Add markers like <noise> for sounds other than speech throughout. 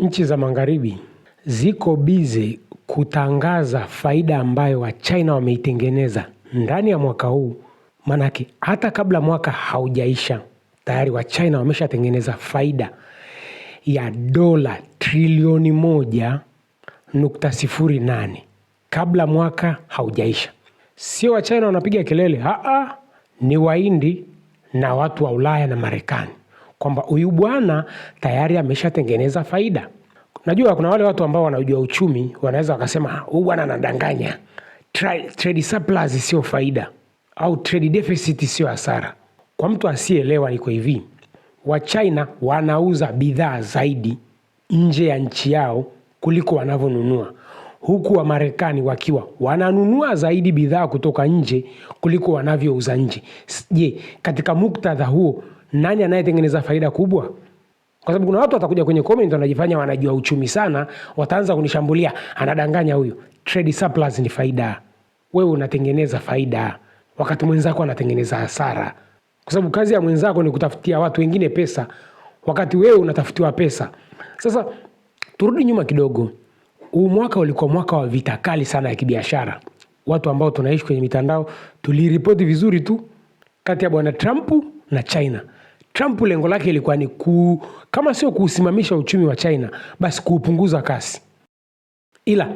nchi za magharibi ziko bize kutangaza faida ambayo Wachina wameitengeneza ndani ya mwaka huu, maanake hata kabla mwaka haujaisha tayari Wachina wameshatengeneza faida ya dola trilioni moja nukta sifuri nane kabla mwaka haujaisha. Sio Wachina wanapiga kelele, ah, ah, ni waindi na watu wa Ulaya na Marekani kwamba huyu bwana tayari ameshatengeneza faida. Najua kuna wale watu ambao wanajua uchumi wanaweza wakasema huyu bwana anadanganya, trade surplus sio faida au trade deficit sio hasara. Kwa mtu asiyeelewa, iko hivi, Wachina wanauza bidhaa zaidi nje ya nchi yao kuliko wanavyonunua huku Wamarekani wakiwa wananunua zaidi bidhaa kutoka nje kuliko wanavyouza nje. Je, katika muktadha huo nani anayetengeneza faida kubwa? Kwa sababu kuna watu watakuja kwenye comment wanajifanya wanajua uchumi sana, wataanza kunishambulia, anadanganya huyu. Trade surplus ni faida, wewe unatengeneza faida wakati mwenzako anatengeneza hasara, kwa sababu kazi ya mwenzako ni kutafutia watu wengine pesa, wakati wewe unatafutiwa pesa. Sasa turudi nyuma kidogo. Huu mwaka ulikuwa mwaka wa vita kali sana ya kibiashara. Watu ambao tunaishi kwenye mitandao tuliripoti vizuri tu, kati ya bwana Trump na China. Trump lengo lake ilikuwa ni ku, kama sio kuusimamisha uchumi wa China basi kuupunguza kasi, ila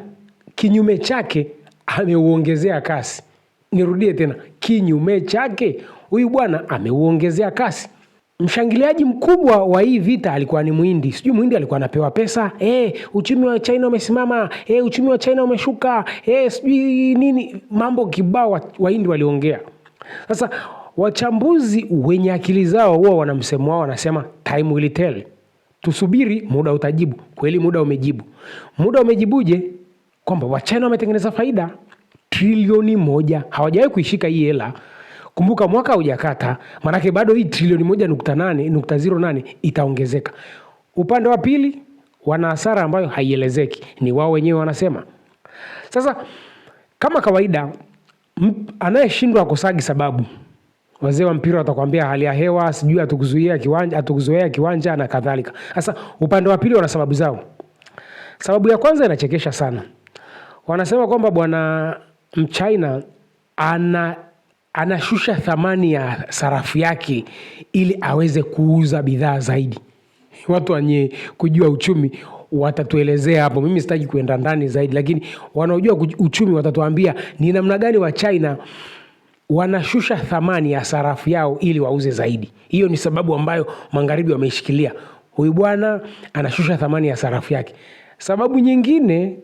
kinyume chake ameuongezea kasi. Nirudie tena, kinyume chake huyu bwana ameuongezea kasi. Mshangiliaji mkubwa wa hii vita alikuwa ni Muhindi. Sijui Muhindi alikuwa anapewa pesa e, uchumi wa China umesimama e, uchumi wa China umeshuka e, sijui nini, mambo kibao Wahindi waliongea sasa Wachambuzi wenye akili zao huwa wana msemo wao, wanasema time will tell. Tusubiri muda utajibu. Kweli muda umejibu. Muda umejibuje? Kwamba Wachina wametengeneza faida trilioni moja, hawajawahi kuishika hii hela. Kumbuka mwaka haujakata, maanake bado hii trilioni moja nukta nane nukta zero nane itaongezeka. Upande wa pili wana hasara ambayo haielezeki, ni wao wenyewe wanasema. Sasa kama kawaida, anayeshindwa akosagi sababu. Wazee wa mpira watakwambia hali ya hewa sijui hatukuzuia kiwanja, hatukuzoea kiwanja na kadhalika. Sasa upande wa pili wana sababu zao. Sababu ya kwanza inachekesha sana, wanasema kwamba bwana Mchina ana anashusha thamani ya sarafu yake ili aweze kuuza bidhaa zaidi. <laughs> Watu wenye kujua uchumi watatuelezea hapo. Mimi sitaki kuenda ndani zaidi, lakini wanaojua uchumi watatuambia ni namna gani wa China wanashusha thamani ya sarafu yao ili wauze zaidi. Hiyo ni sababu ambayo magharibi wameishikilia, huyu bwana anashusha thamani ya sarafu yake. Sababu nyingine,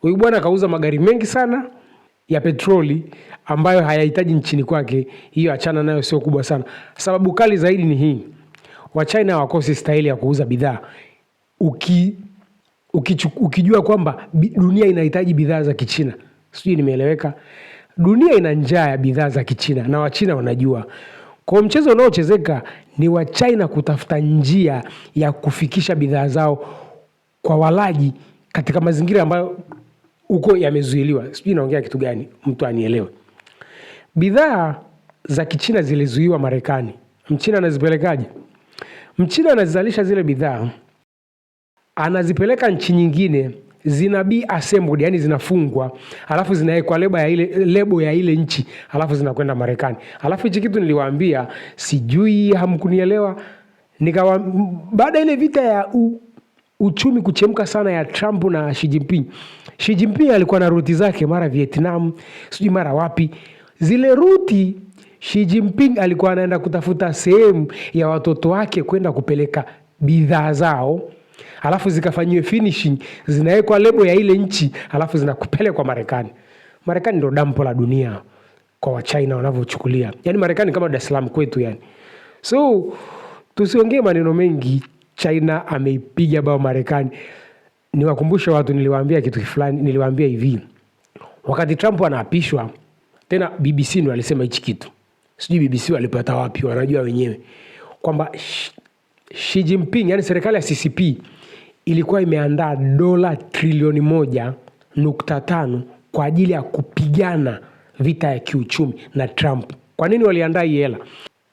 huyu bwana kauza magari mengi sana ya petroli ambayo hayahitaji nchini kwake, hiyo achana nayo, sio kubwa sana. Sababu kali zaidi ni hii, Wachina hawakosi staili ya kuuza bidhaa uki, ukichu, ukijua kwamba dunia inahitaji bidhaa za Kichina. Sijui nimeeleweka dunia ina njaa ya bidhaa za Kichina na Wachina wanajua. Kwa mchezo unaochezeka ni wa China kutafuta njia ya kufikisha bidhaa zao kwa walaji katika mazingira ambayo huko yamezuiliwa. Sijui naongea kitu gani, mtu anielewe. Bidhaa za Kichina zilizuiwa Marekani. Mchina anazipelekaje? Mchina anazizalisha zile bidhaa, anazipeleka nchi nyingine zina be assembled, yani zinafungwa alafu zinawekwa lebo ya ile, lebo ya ile nchi alafu zinakwenda Marekani. Alafu hichi kitu niliwaambia, sijui hamkunielewa. Nikawa baada ile vita ya u, uchumi kuchemka sana ya Trump na Xi Jinping. Xi Jinping alikuwa na ruti zake, mara Vietnam, sijui mara wapi. Zile ruti Xi Jinping alikuwa anaenda kutafuta sehemu ya watoto wake kwenda kupeleka bidhaa zao alafu zikafanyiwe finishing, zinawekwa lebo ya ile nchi, alafu zinakupelekwa Marekani. Marekani ndo dampo la dunia kwa Wachina wanavyochukulia, yani Marekani kama Dar es Salaam kwetu yani. So tusiongee maneno mengi, China ameipiga bao Marekani. Niwakumbushe watu, niliwaambia kitu fulani, niliwaambia hivi wakati Trump anaapishwa tena, BBC ndo alisema hichi kitu, sijui BBC walipata wapi, wanajua wenyewe kwamba Xi Jinping, yani serikali ya CCP ilikuwa imeandaa dola trilioni moja nukta tano kwa ajili ya kupigana vita ya kiuchumi na Trump. Kwa nini waliandaa hii hela?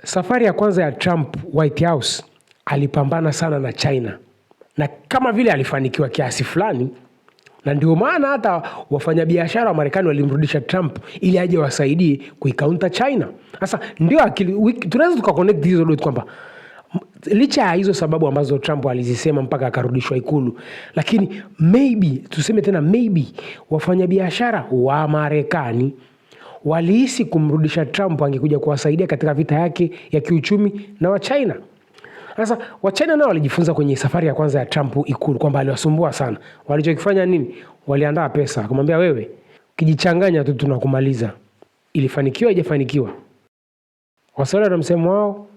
Safari ya kwanza ya Trump White House alipambana sana na China na kama vile alifanikiwa kiasi fulani, na ndio maana hata wafanyabiashara wa Marekani walimrudisha Trump ili aje wasaidie kuikaunta China. Sasa ndio akili tunaweza tuka hizo dot kwamba licha ya hizo sababu ambazo Trump alizisema mpaka akarudishwa Ikulu, lakini maybe, tuseme tena maybe, wafanyabiashara wa Marekani walihisi kumrudisha Trump angekuja kuwasaidia katika vita yake ya kiuchumi na Wachina. Sasa Wachina nao walijifunza kwenye safari ya kwanza ya Trump Ikulu kwamba aliwasumbua sana. Walichokifanya nini? Waliandaa pesa, akamwambia wewe, ukijichanganya tu tunakumaliza. Ilifanikiwa, haijafanikiwa? Waswahili msemo wao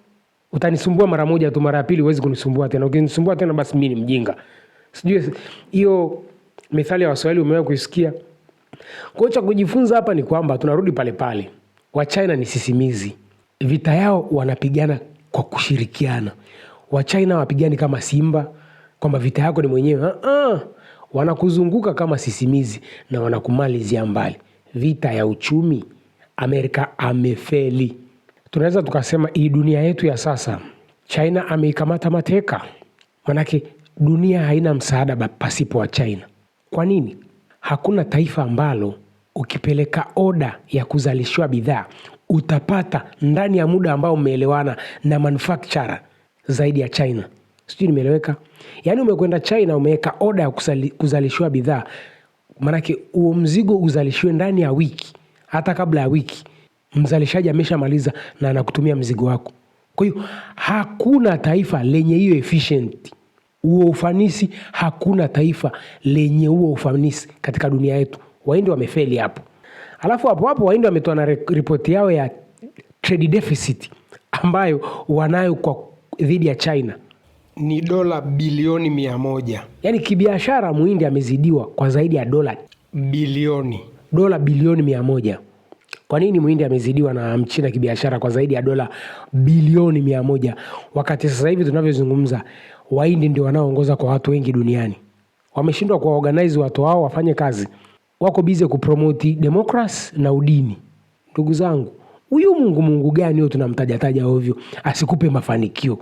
Utanisumbua mara moja tu, mara ya pili huwezi kunisumbua tena. Ukinisumbua tena, basi mimi ni mjinga. Sijui hiyo methali ya Waswahili umewahi kuisikia? Kwa hiyo cha kujifunza hapa ni kwamba tunarudi pale pale, Wachina ni sisimizi. Vita yao wanapigana kwa kushirikiana. Wachina wapigani kama simba kwamba vita yako ni mwenyewe. Ah, ah, wanakuzunguka kama sisimizi na wanakumalizia mbali. Vita ya uchumi, Amerika amefeli tunaweza tukasema hii dunia yetu ya sasa China ameikamata mateka. Manake dunia haina msaada pasipo wa China. Kwa nini? Hakuna taifa ambalo ukipeleka oda ya kuzalishiwa bidhaa utapata ndani ya muda ambao umeelewana na manufaktura zaidi ya China. Sijui nimeeleweka? Yaani umekwenda China umeweka oda ya kuzalishiwa bidhaa, maanake huo mzigo uzalishiwe ndani ya wiki, hata kabla ya wiki mzalishaji ameshamaliza na anakutumia mzigo wako. Kwa hiyo hakuna taifa lenye hiyo efficient huo ufanisi, hakuna taifa lenye huo ufanisi katika dunia yetu. waindi wamefeli hapo. Alafu hapo hapo waindi wametoa na ripoti yao ya trade deficit ambayo wanayo kwa dhidi ya China ni dola bilioni mia moja. Yaani kibiashara muhindi amezidiwa kwa zaidi ya dola bilioni dola bilioni mia moja. Kwa nini Muhindi amezidiwa na Mchina kibiashara kwa zaidi ya dola bilioni mia moja wakati sasa hivi tunavyozungumza Wahindi ndio wanaoongoza kwa watu wengi duniani? Wameshindwa kuwaorganize watu wao wafanye kazi, wako bize kupromoti demokrasi na udini. Ndugu zangu, huyu Mungu Mungu gani huyo tunamtajataja ovyo asikupe mafanikio?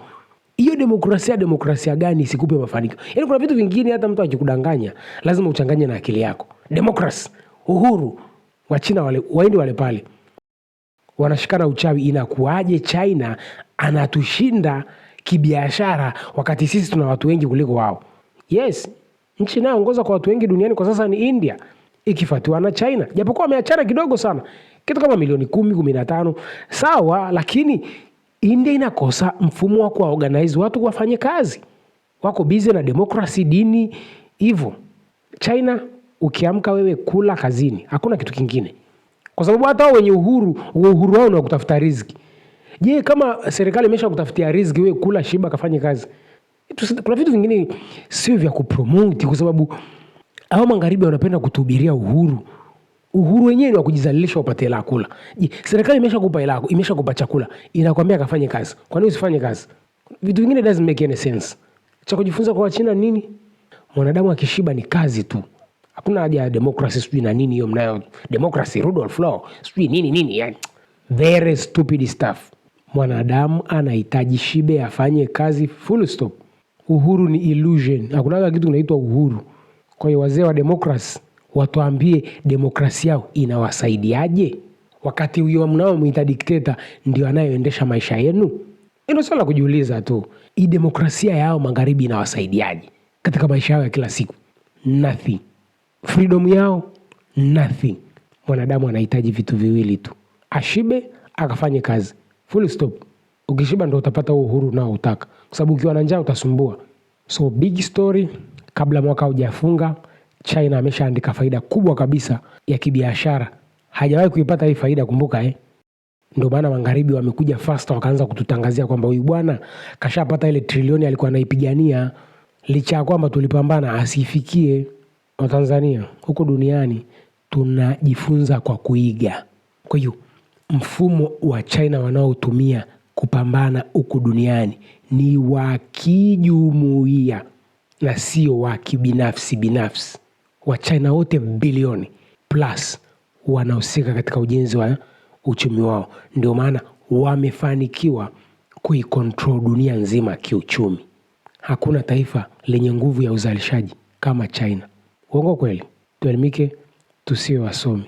Hiyo demokrasia demokrasia gani isikupe mafanikio? Yaani kuna vitu vingine hata mtu akikudanganya lazima uchanganye na akili yako. Demokrasi, uhuru, Wachina wale, waindi wale pale wanashikana uchawi. Inakuwaje China anatushinda kibiashara wakati sisi tuna watu wengi kuliko wao? Yes, nchi inayoongoza kwa watu wengi duniani kwa sasa ni India ikifuatiwa na China, japokuwa wameachana kidogo sana, kitu kama milioni kumi kumi na tano sawa, lakini India inakosa mfumo wa kuwaorganize watu wafanye kazi, wako bize na demokrasi, dini, hivyo China ukiamka wewe kula kazini, hakuna kitu kingine, kwa sababu hata wenye uhuru, uhuru wao ni wa kutafuta riziki. Je, kama serikali imesha kutafutia riziki, wewe kula, shiba, kafanye kazi. Kuna vitu vingine sio vya kupromote, kwa sababu hao magharibi wanapenda kutuhubiria uhuru. Uhuru wenyewe ni wa kujizalilisha upate hela kula. Je, serikali kupa hela, imesha kupa chakula, inakwambia kafanye kazi, kwa nini usifanye kazi? Vitu vingine doesn't make any sense. Cha kujifunza kwa china nini? Mwanadamu akishiba ni kazi tu. Hakuna haja ya democracy sijui na nini hiyo mnayo democracy Rudolf Law sijui nini nini, yani very stupid stuff. Mwanadamu anahitaji shibe afanye kazi full stop. Uhuru ni illusion, hakunaga kitu kinaitwa uhuru. Kwa hiyo wazee wa democracy watuambie demokrasia yao inawasaidiaje, wakati huyo mnaomwita dikteta ndio anayeendesha maisha yenu. Hilo sala kujiuliza tu, hii demokrasia yao magharibi inawasaidiaje katika maisha yao ya kila siku? Nothing freedom yao nothing. Mwanadamu anahitaji vitu viwili tu, ashibe akafanye kazi, full stop. Ukishiba ndo utapata huo uhuru unaoutaka, kwa sababu ukiwa na njaa utasumbua. So big story, kabla mwaka hujafunga China ameshaandika faida kubwa kabisa ya kibiashara, hajawahi kuipata hii faida, kumbuka eh. Ndio maana magharibi wamekuja fast wakaanza kututangazia kwamba huyu bwana kashapata ile trilioni alikuwa anaipigania, licha ya kwamba tulipambana asifikie Watanzania huku duniani tunajifunza kwa kuiga. Kwa hiyo mfumo wa China wanaotumia kupambana huku duniani ni wa kijumuia na sio wa kibinafsi binafsi. Wachina wote bilioni plus wanahusika katika ujenzi wa uchumi wao. Ndio maana wamefanikiwa kuikontrol dunia nzima kiuchumi. Hakuna taifa lenye nguvu ya uzalishaji kama China. Uongo kweli? Tuelimike, tusiwe wasomi.